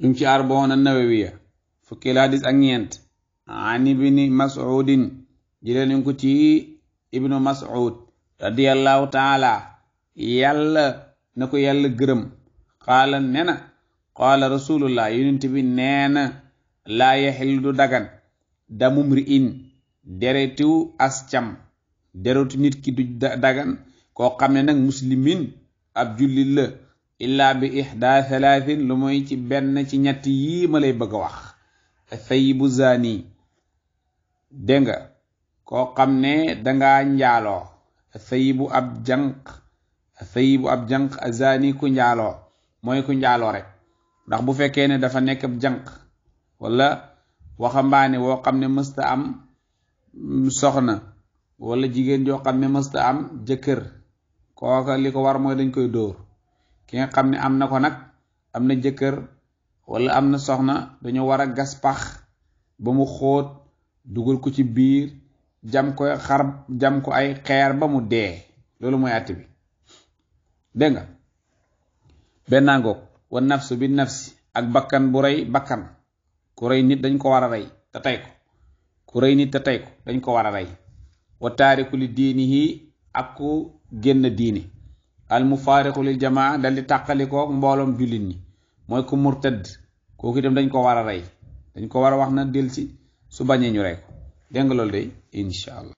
ñu ngi ci arbaona nawawiya fukkeel hadis ak ñeent an ibni mas'udin jëlee nañ ko ci ibnu mas'ud radiyallahu taala yàlla na ko yàlla gërëm qaala nee na qaala rasulullah yonent bi nee na laa yaxillu du dagan damum ri'in deretu ascam deretu nit ki du dagan koo xam ne nag muslimin ab jullit la illaa bi ixdaa thalathin lu muy ci benn ci ñett yii ma lay bëgg a wax thayibu zani dégg koo xam ne danga njaaloo thayibu ab janq thayibu ab janq zani ku njaaloo mooy ku njaaloo rek ndax bu fekkee ne dafa nekk ab janq wala waxambaane woo xam ne mësta am soxna walla jigéen joo xam ne mësta am jëkkër kooka li ko war mooy dañ koy dóor ki nga xamne amna am na ko amna am wala amna soxna dañu wara gas ba mu xoot dugal ko ci biir jam ko xar jam ko ay xeer ba mu dee loolu moy atti bi dégg nga bennangoog wa nafsu bin nafsi ak bakkan bu ray bakkan ku ray nit dañ ko wara ray ta tay ko ku ray nit ta tay ko dañ ko wara ray wa tariku li dinihi ak ku genn al mufaariqu lil jamaa dal di tàqalikook mbooloom jullit ñi mooy ku murtad kooku itam dañ ko war a rey dañ ko war a wax na delsi su bañee ñu rey ko dégg nga loolu de incha allah